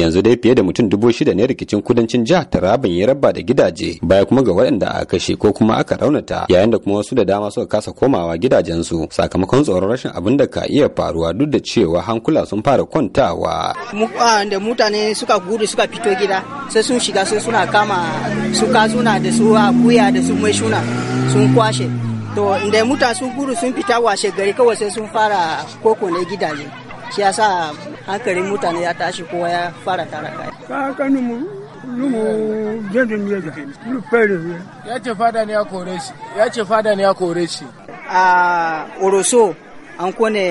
yanzu dai fiye da mutum dubu shida ne rikicin kudancin jihar taraban ya raba da gidaje baya kuma ga waɗanda aka kashe ko kuma aka raunata yayin da kuma wasu da dama suka kasa komawa gidajensu sakamakon tsoron rashin abin da ka iya faruwa duk da cewa hankula sun fara kwantawa. Ah, da mutane suka gudu suka fito gida sai sun shiga sai suna kama su kazuna da su akuya ah, da su mai shuna sun kwashe to da mutane sun gudu sun fita washe gari kawai sai sun fara koko na gidaje. shi yasa hankalin mutane ya tashi kowa ya fara tara kaya ka mu lumu jadin numu fere ya ce fada ne ya kore shi ya ce fada ne ya kore shi a oroso an kone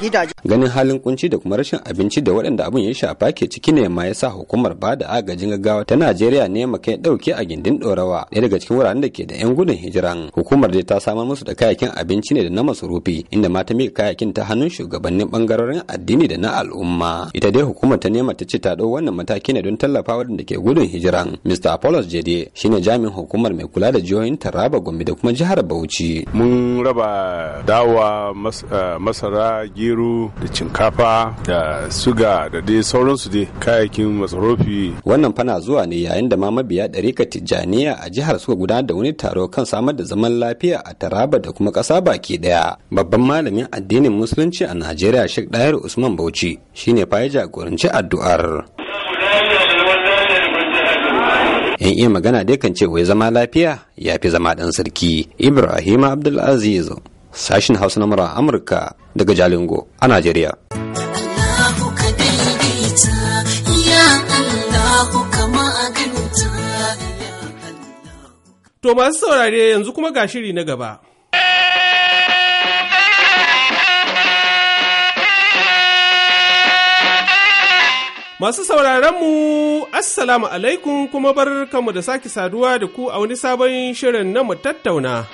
gidaje. Ganin halin kunci da kuma rashin abinci da waɗanda abin ya shafa ke ciki ne ma yasa hukumar ba da agajin gaggawa ta Najeriya ne ma kai ɗauke a gindin ɗorawa ɗaya daga cikin wuraren da ke da 'yan gudun hijiran. Hukumar dai ta samar musu da kayakin abinci ne da na masurufi inda ma ta miƙa kayakin ta hannun shugabannin ɓangarorin addini da na al'umma. Ita dai hukumar ta nema ta ce ta ɗau wannan mataki ne don tallafa waɗanda ke gudun hijiran. Mr. Apollos Jede shine jami'in hukumar mai kula da jihohin Taraba Gombe da kuma jihar Bauchi. Mun raba dawa eh, masara gero da cinkafa da suga da dai sauransu dai kayayyakin masarofi wannan fana zuwa ne yayin da ma mabiya ɗarika tijjaniya a jihar suka gudanar da wani taro kan samar da zaman lafiya a taraba da kuma ƙasa baki ɗaya babban malamin addinin musulunci a najeriya shek ɗayar usman bauchi shine fa ya jagoranci addu'ar in iya magana dai kan ce wai zama lafiya ya fi zama ɗan sarki ibrahim abdulaziz sashin hausa na mura amurka daga jalingo a najeriya To masu saurare yanzu kuma ga shiri na gaba. Masu sauraronmu, Assalamu alaikum kuma bar da sake saduwa da ku a wani sabon shirin na mu tattauna.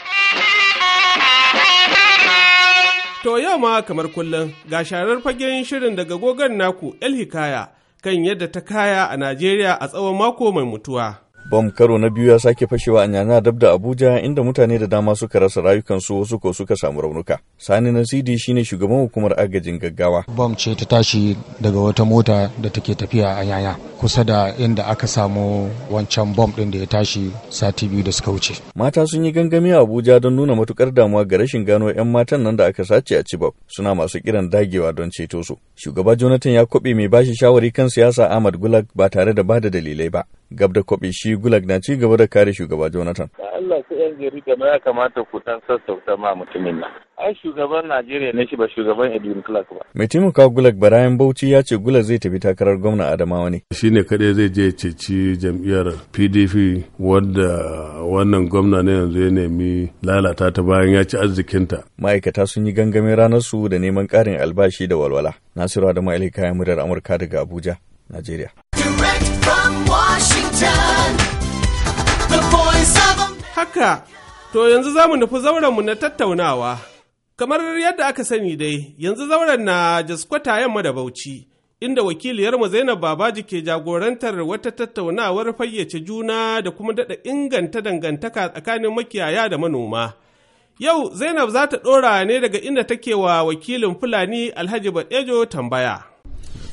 To yau ma kamar kullum ga sharar fagen shirin daga gogon naku El Hikaya kan yadda ta kaya a Najeriya a tsawon mako mai mutuwa. bom karo na biyu ya sake fashewa a yana dab da abuja inda mutane da dama suka rasa rayukansu wasu ko suka samu raunuka sani na sidi shine shugaban hukumar agajin gaggawa bom ce ta tashi daga wata mota da take tafiya a yaya kusa da inda aka samu wancan bom ɗin da ya tashi sati biyu da suka wuce. Mata sun yi gangami a Abuja don nuna matukar damuwa ga rashin gano 'yan matan nan da aka sace a Chibok suna masu kiran dagewa don ceto su. Shugaba Jonathan ya kwaɓe mai bashi shawari kan siyasa Ahmad Gulag ba tare da bada dalilai ba. Gab da kwaɓe shi Gulag na ci gaba da kare shugaba Jonathan. Allah ku 'yan jarida ma ya kamata ku dan sassauta ma mutumin nan. ai shugaban Najeriya ne shi ba shugaban Edwin Clark ba. Mai taimaka Gulag Barayan Bauchi ya ce Gulag zai tafi takarar gwamna Adamawa ne. Shi ne kaɗai zai je ceci jam'iyyar PDP wadda wannan gwamna ne yanzu ya nemi lalata ta bayan ya ci arzikinta. Ma'aikata sun yi gangamin ranar su da neman ƙarin albashi da walwala. Nasiru Adamu Ali kayan murar Amurka daga Abuja, Najeriya. Haka, to yanzu za mu nufi zauren mu na tattaunawa. Kamar yadda aka sani dai, yanzu zauren na jaskwata yamma da Bauchi, inda wakiliyarmu Zainab Babaji ke jagorantar wata tattaunawar fayyace juna da kuma daɗa inganta dangantaka tsakanin makiyaya da manoma. Yau Zainab za ta ɗora ne daga inda take wa wakilin Fulani Alhaji Baɗejo tambaya.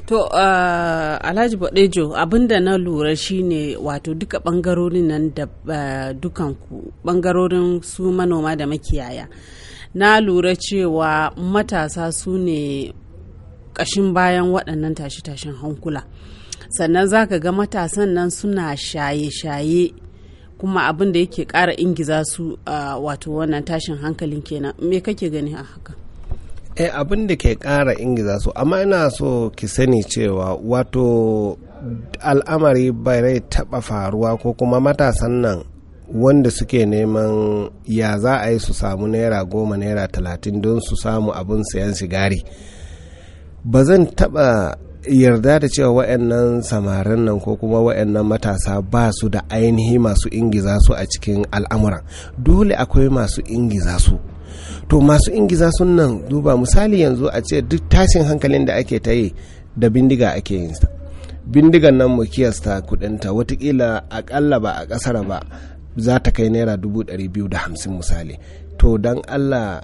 To, uh, Alhaji Baɗejo, abinda na lura shine wato duka ɓangarorin nan da uh, dukanku, ɓangarorin su manoma da makiyaya. na lura cewa matasa su ne ƙashin bayan waɗannan tashi tashin hankula sannan za ka ga matasan nan suna shaye-shaye kuma abin da yake ƙara ingiza su a wato wannan tashin hankalin kenan me kake gani a haka eh abin da ke ƙara ingiza su amma ina so ki sani cewa wato al'amari bai taɓa faruwa ko kuma matasan nan wanda suke neman ya za a yi su samu naira goma naira talatin don su samu abin sayan sigari ba zan taɓa yarda da cewa wa'annan samarin nan ko kuma wa'annan matasa ba su da ainihi masu ingiza su a cikin al'amuran dole akwai masu ingiza su to masu ingiza sun nan duba misali yanzu a ce duk tashin hankalin da ake ta yi da bindiga ake yin bindigan nan mu kiyasta kudinta watakila akalla ba a kasar ba za ta kai naira dubu ɗari biyu da hamsin misali to don allah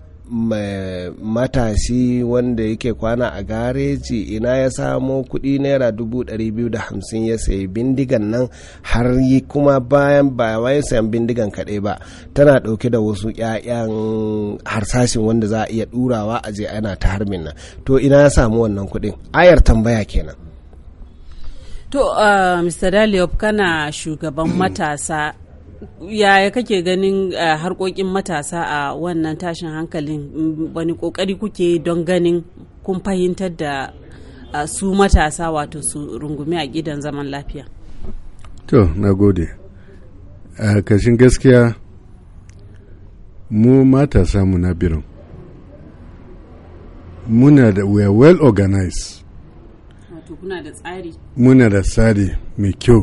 matashi wanda yake kwana a gareji ina ya samo kuɗi naira dubu ɗari biyu da hamsin ya sayi bindigan nan har yi kuma bayan ba wai sayan bindigan kaɗai ba tana ɗauke da wasu ƴaƴan harsashin wanda za a iya ɗurawa a je ana ta harbin nan to ina ya samu wannan kuɗin ayar tambaya kenan to uh, mr daliop kana shugaban matasa yaya kake ganin eh, harkokin matasa a wannan tashin hankalin wani kokari kuke don ganin kun fahimtar da eh, su matasa wato su rungumi a gidan zaman lafiya to na gode a kashin gaskiya mu matasa na birin muna da we are well organized muna da tsari mai kyau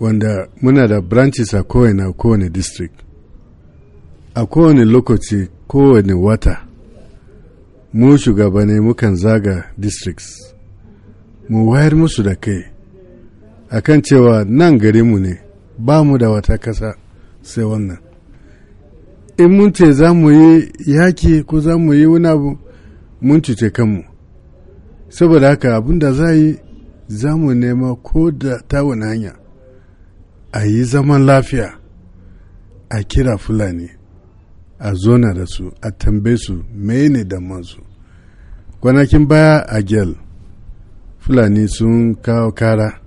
wanda muna da branches a kowane kowane district a kowane lokaci kowane wata mu shugabane mukan zaga districts mu wayar musu da kai akan cewa nan garinmu ne ba mu da wata kasa sai wannan in mun ce za mu yi yaki ko za mu yi wani abu mun cuce kanmu saboda haka abin da za yi za mu nema ko da ta wani hanya a yi zaman lafiya a kira fulani a zona da su a tambe su mene su kwanakin baya a gel fulani sun kawo kara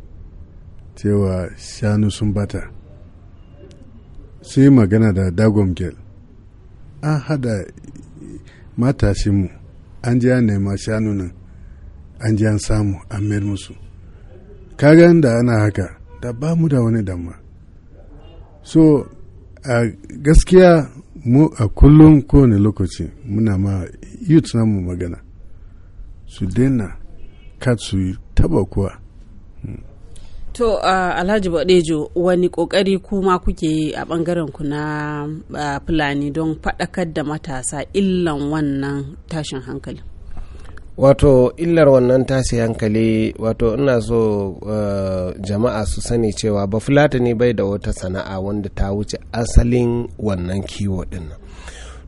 cewa shanu sun bata sai magana da dagon gel an hada matashinmu an ji an nema shanu nan an ji an samu an mayar musu kagan da ana haka da ba mu da wani damma so a gaskiya mu a kullum kowane lokaci muna ma youth namu magana su daina ka su taba kuwa To uh, Alhaji Badejo wani kokari kuma kuke a bangaren ku na Fulani don faɗakar da matasa illan wannan tashin hankali. wato illar wannan tashi hankali wato ina so uh, jama'a su sani cewa ba fulatani bai da wata sana'a wanda ta wuce asalin wannan kiwo din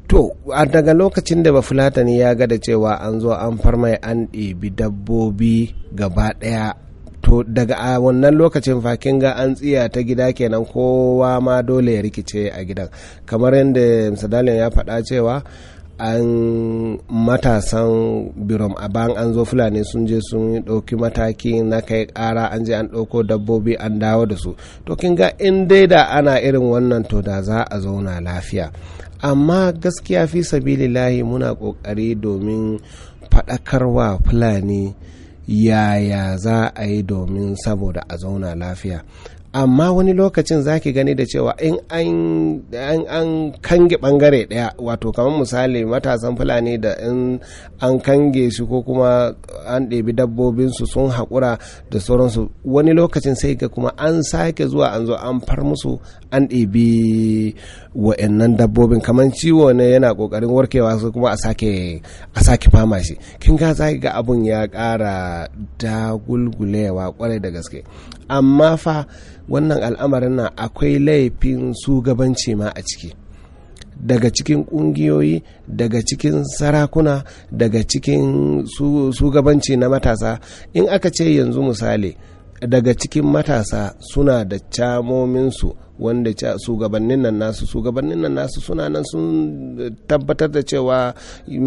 to a daga lokacin da ba fulatani ya ga da cewa an zo an farmai an ɗebi dabbobi gaba ɗaya to daga a wannan lokacin fakin ga an tsiya ta gida kenan kowa ma dole ya rikice a gidan kamar yadda ya faɗa cewa an matasan birom a ban an zo fulani sun je sun ɗauki mataki na kai ƙara an je an ɗauko dabbobi an dawo da su to kin ga in dai da ana irin wannan to da za a zauna lafiya amma gaskiya fi sabili lahi muna ƙoƙari domin faɗakarwa fulani yaya za a yi domin saboda a zauna lafiya amma wani lokacin za ki gani da cewa in an, an, kange bangare daya wato kamar misali matasan fulani da in an kange shi ko kuma an ɗebi dabbobinsu sun haƙura da sauransu wani lokacin sai ga kuma an sake zuwa an zo an far musu an ɗebi wa'annan dabbobin kamar ciwo ne yana ƙoƙarin warkewa su kuma a sake a sake fama shi kin ga za ga abun ya ƙara dagulgulewa kwarai da gaske amma fa wannan al'amarin nan akwai laifin shugabanci ma a ciki daga cikin kungiyoyi daga cikin sarakuna daga cikin shugabanci na matasa in aka ce yanzu misali daga cikin matasa suna da camominsu wanda shugabannin nan nasu shugabannin nan nasu suna nan sun tabbatar da cewa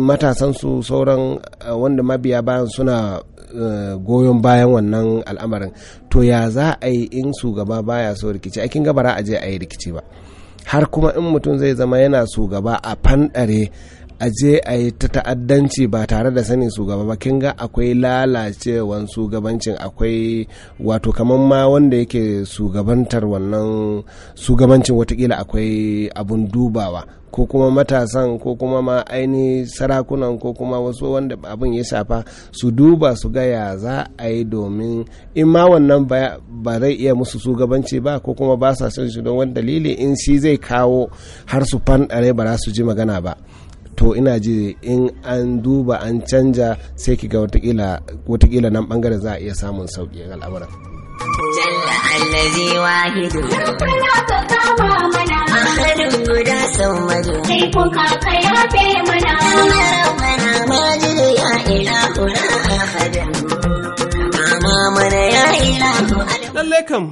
matasansu sauran wanda mabiya bayan suna Eh, goyon bayan wannan al'amarin to ya za a yi in shugaba baya so rikici aikin gabara a je a yi rikici ba har kuma in mutum zai zama yana shugaba a fanɗare a je a yi ta ta'addanci ba tare da sanin shugaba ba kin ga akwai lalacewan shugabancin akwai wato kamar ma wanda yake shugabantar wannan shugabancin watakila akwai abun dubawa ko kuma matasan ko kuma ma aini sarakunan ko kuma wasu wanda abin ya shafa su duba su ga ya za a yi domin in ma wannan ba zai iya musu shugabanci ba ko kuma ba sa son shi don wani dalili in shi zai kawo har su fanɗare ba za su ji magana ba to ina ji in an duba an canja sai ki ga watakila nan bangare za a iya samun sauƙi a al'amuran. Jalla allazi wahidu. Rabbana ka kama mana. Ahadun guda sau sauwadu. Sai kuka ka yafe mana. fe mana. Rabbana majidu ya ilahu na ahadun. Mama mana ya ilahu. Lallai kam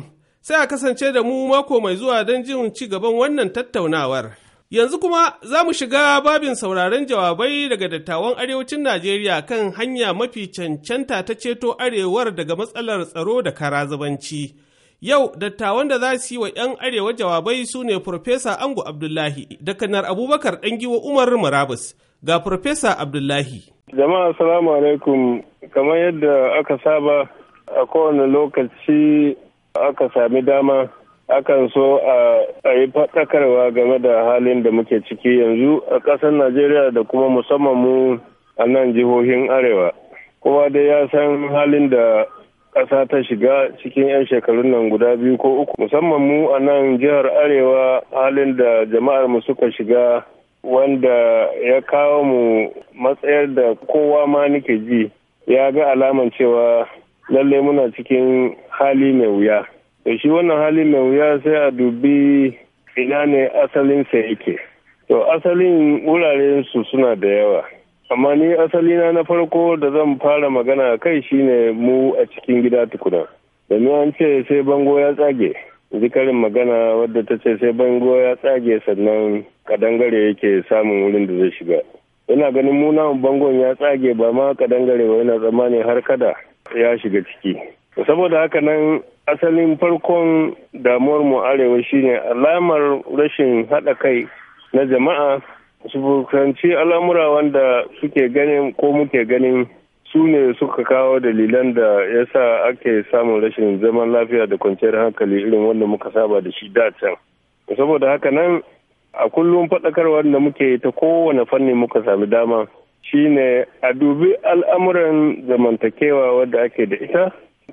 sai a kasance da mu mako mai zuwa don jin ci gaban wannan tattaunawar. Yanzu kuma za mu shiga babin sauraron jawabai daga dattawan arewacin Najeriya kan hanya mafi cancanta ta ceto arewar daga matsalar tsaro da karazabanci. Yau dattawan da za su yi wa 'yan arewa jawabai su ne Farfesa Angu Abdullahi da kanar Abubakar Ɗangiwa Umar Murabus ga Farfesa Abdullahi. Jama'a salamu alaikum kamar yadda aka saba a kowane lokaci aka sami dama akan so a yi faɗakarwa game da halin da muke ciki yanzu a ƙasar najeriya da kuma musamman mu a nan jihohin arewa kowa dai ya san halin da ƙasa ta shiga cikin 'yan shekarun nan guda biyu ko uku musamman mu a nan jihar arewa halin da jama'ar mu suka shiga wanda ya kawo mu matsayar da kowa ma nake ji ya ga alaman cewa lallai muna cikin hali mai wuya to shi wannan hali mai wuya sai a dubi ina ne asalin sa yake to asalin wuraren su suna da yawa amma ni asali na na farko da zan fara magana kai shine mu a cikin gida tukuna domin an ce sai bango ya tsage zikarin magana wadda ta ce sai bango ya tsage sannan kadangare yake samun wurin da zai shiga ina ganin mu namun bangon ya tsage ba ma kadangare ba yana ne har kada ya shiga ciki saboda haka nan asalin farkon damuwar mu arewa shine alamar rashin haɗa kai na jama'a su fuskanci al'amura wanda suke ganin ko muke ganin su ne suka kawo dalilan da ya sa ake samun rashin zaman lafiya da kwanciyar hankali irin wanda muka saba da shi da can saboda haka nan a kullum faɗakarwar da muke ta kowane fanni muka sami dama shine a dubi al'amuran zamantakewa wadda ake da ita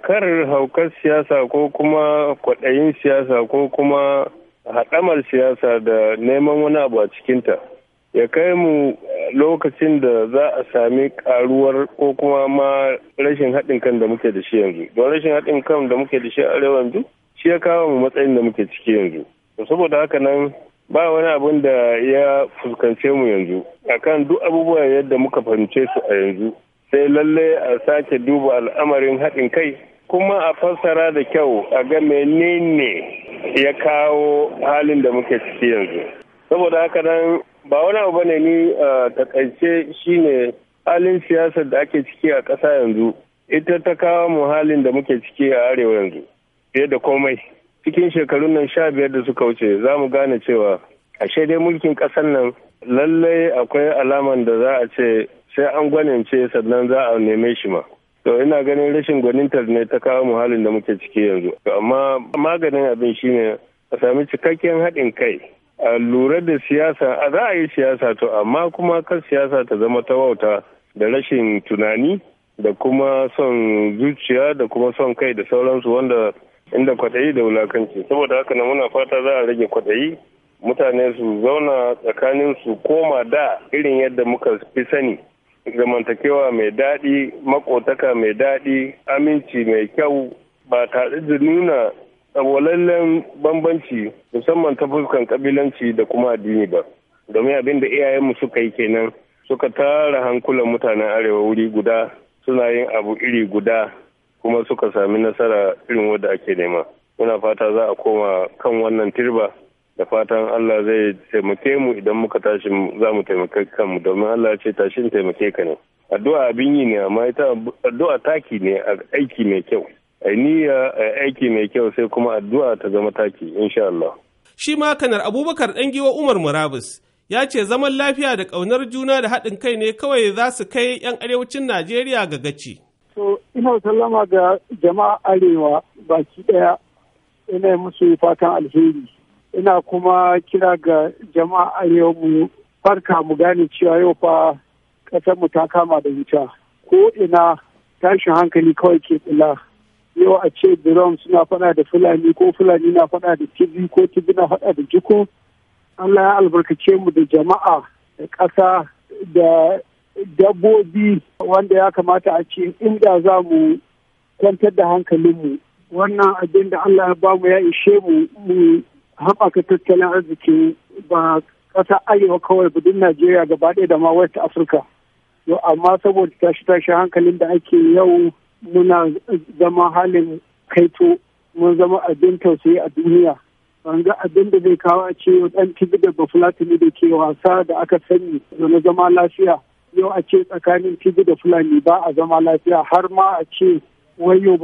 kar haukar siyasa ko kuma kwaɗayin siyasa ko kuma haɗamar siyasa da neman wani abu a cikinta ya kai mu lokacin da za a sami karuwar ko kuma ma rashin haɗin kan da muke da shi yanzu don rashin haɗin kan da muke da shi arewa yanzu shi ya kawo mu matsayin da muke ciki yanzu saboda haka nan ba wani abin da ya fuskance mu yanzu akan duk abubuwa yadda muka fahimce su a yanzu sai lalle a sake duba al'amarin haɗin kai kuma a fassara da kyau a ga menene ya kawo halin da muke ciki yanzu saboda haka nan ba wani abu bane ni takaice shine halin siyasar da ake ciki a ƙasa yanzu ita ta kawo mu halin da muke ciki a arewa yanzu fiye da komai cikin shekarun nan sha biyar da suka wuce za mu gane cewa ashe dai mulkin ƙasar nan lallai akwai alaman da za a ce sai an gwanince sannan za a neme shi ma To ina ganin rashin gwanintar ne ta kawo mu halin da muke ciki yanzu. Amma maganin abin shine a sami cikakken haɗin kai. A lura da siyasa, a za a yi siyasa to amma kuma kan siyasa ta zama ta wauta da rashin tunani da kuma son zuciya da kuma son kai da sauransu wanda inda kwaɗayi da wulakanci. Saboda haka na muna fata za a rage kwaɗayi mutane su zauna tsakanin su koma da irin yadda muka fi sani. zamantakewa mai daɗi makotaka mai daɗi aminci mai kyau ba tare da nuna tsawalallen bambanci musamman ta fuskan kabilanci da kuma addini ba domin abin da iyayenmu suka yi kenan suka tara hankulan mutanen arewa wuri guda suna yin abu iri guda kuma suka sami nasara irin wadda ake nema muna fata za a koma kan wannan tirba da fatan Allah zai taimake mu idan muka tashi za mu taimake kanmu domin Allah ce tashin taimake ka ne addu'a abin yi ne amma ita addu'a taki ne aiki mai kyau ai aiki mai kyau sai kuma addu'a ta zama taki insha Allah shi ma kanar Abubakar giwa Umar Murabus ya ce zaman lafiya da ƙaunar juna da haɗin kai ne kawai za su kai 'yan arewacin Najeriya ga gaci. To, ina sallama ga jama'a arewa baki ɗaya, ina musu fatan alheri. ina kuma kira ga jama'a yau mu farka mu gane cewa yau fa ƙasar mu ta kama da wuta ko ina tashin hankali kawai ke kula yau a ce drone suna faɗa da fulani ko fulani na faɗa da tibi ko tibi na faɗa da jiko allah ya albarkace mu da jama'a da ƙasa da dabbobi wanda ya kamata a ce inda za mu kwantar da hankalinmu wannan abin da allah ya bamu ya ishe mu mu haɓaka tattalin arziki ba ƙasa arewa kawai budin najeriya gaba ɗaya da ma west afirka to amma saboda tashi tashi hankalin da ake yau muna zama halin kaito mun zama abin tausayi a duniya ban ga abin da zai kawo a ce dan tibi da bafulatani da ke wasa da aka sani na zama lafiya yau a ce tsakanin tibi da fulani ba a zama lafiya har ma a ce wayo ne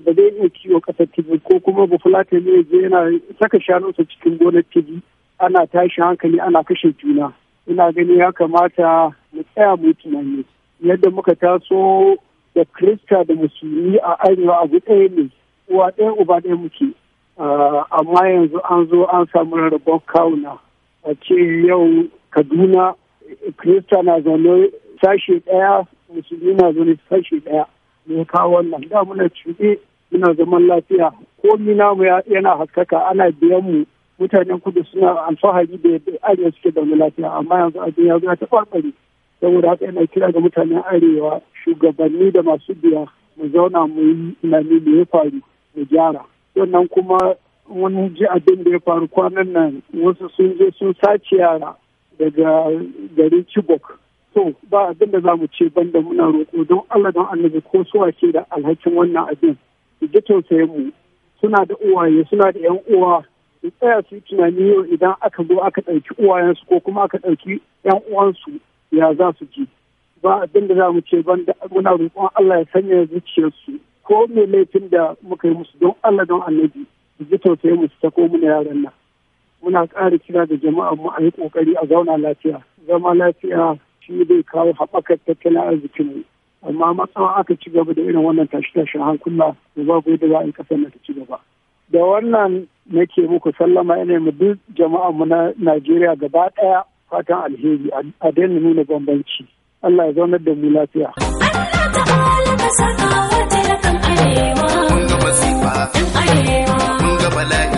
ba zai iya kiwo kasar tibi ko kuma bafulatani ya je yana saka shanunsa cikin gonar tibi ana tashi hankali ana kashe juna ina gani ya kamata mu tsaya mu tunani yadda muka taso da krista da musulmi a arewa abu ɗaya ne uwa ɗaya uba ɗaya muke ah, amma yanzu an zo an samu rarrabon kawuna a ce yau kaduna krista na zaune sashe ɗaya musulmi na zaune sashe ɗaya ne kawo wannan da muna cuɗe muna zaman lafiya komi namu yana haskaka ana biyan mu mutanen kudu suna alfahari da yadda arewa suke da lafiya amma yanzu abin ya zo ta barbare saboda haka yana kira ga mutanen arewa shugabanni da masu biya mu zauna mu yi tunani da ya faru mu gyara sannan kuma wani ji abin da ya faru kwanan nan wasu sun je sun sace yara daga garin chibok to ba abin da za mu ce banda muna roƙo don Allah don annabi ko su ke da alhakin wannan abin su ji tausayin mu suna da uwaye suna da yan uwa su tsaya su yi tunani yau idan aka zo aka ɗauki uwayensu ko kuma aka ɗauki yan uwansu ya za su ji ba abin da za mu ce banda muna roƙon Allah ya sanya zuciyarsu ko me laifin da muka yi musu don Allah don annabi su ji tausayin mu su sako mu yaran nan muna ƙara kira da jama'a mu a yi ƙoƙari a zauna lafiya zama lafiya shi zai kawo haɓakar tattalin ne amma matsawa aka ci gaba da irin wannan tashi-tashin hankula da babu da za a yi na ta ci gaba da wannan nake muku sallama ina mu duk jama'a mu na Najeriya gaba ɗaya fatan alheri a daina nuna bambanci Allah ya zaunar da mu lafiya Allah ta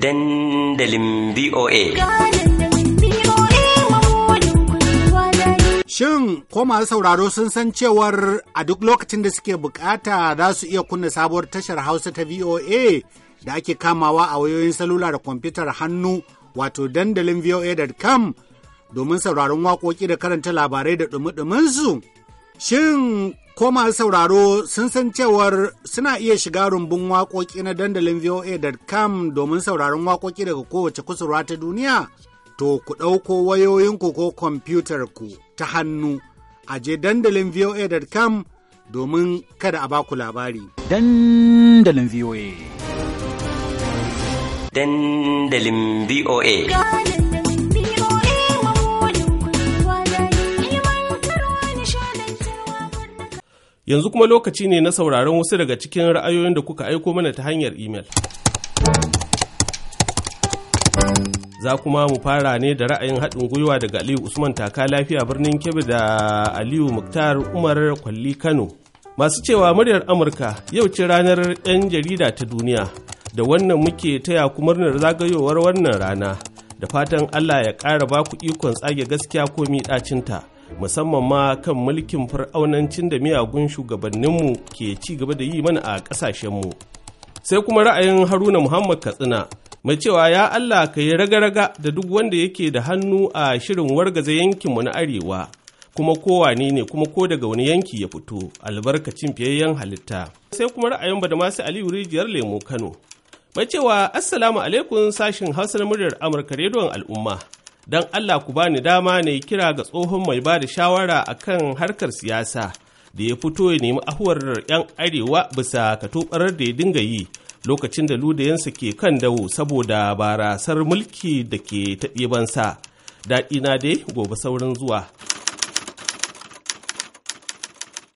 dandalin VOA. Shin ko masu sauraro sun san cewar a duk lokacin da suke bukata za su iya kunna sabuwar tashar Hausa ta VOA da ake kamawa a wayoyin salula da kwamfutar hannu wato dandalin VOA.com domin sauraron waƙoƙi da karanta labarai da ɗumi duminsu Shin ko masu sauraro sun san cewar suna iya shiga rumbun waƙoƙi na dandalin voa.com domin sauraron waƙoƙi daga kowace kusurwa ta duniya? To, ku ɗauko wayoyinku ko kwamfutar ku ta hannu a je dandalin voa.com domin kada a baku labari. Dandalin VOA. Dandalin VOA. Yanzu kuma lokaci ne na sauraron wasu daga cikin ra'ayoyin da kuka aiko mana ta hanyar imel. Za kuma mu fara ne da ra'ayin haɗin gwiwa daga Aliyu Usman Taka Lafiya birnin Kebbi da Aliyu Muktar Umar Kwalli Kano. Masu cewa muryar Amurka yau ce ranar 'yan jarida ta duniya da wannan muke taya ku murnar zagayowar wannan rana da fatan Allah ya ƙara baku ikon tsage gaskiya ko miɗacinta. musamman ma kan mulkin fir'aunancin da miyagun shugabanninmu ke ci gaba da yi mana a ƙasashenmu sai kuma ra'ayin haruna muhammad katsina mai cewa ya allah ka yi raga-raga da duk wanda yake da hannu a shirin wargaza yankinmu na arewa kuma kowane ne kuma ko daga wani yanki ya fito albarkacin fiyayyen halitta sai kuma ra'ayin badamasi aliyu rijiyar lemo kano mai cewa assalamu alaikum sashin hausa na muryar amurka rediyon al'umma don Allah ku bani dama na yi kira ga tsohon mai ba da shawara a kan harkar siyasa da ya fito ya nemi ahuwar 'yan arewa bisa ka katobarar da ya dinga yi lokacin da ludayensa ke kan dawo saboda barasar mulki da ke taɗebansa. Daɗina dai gobe saurin zuwa.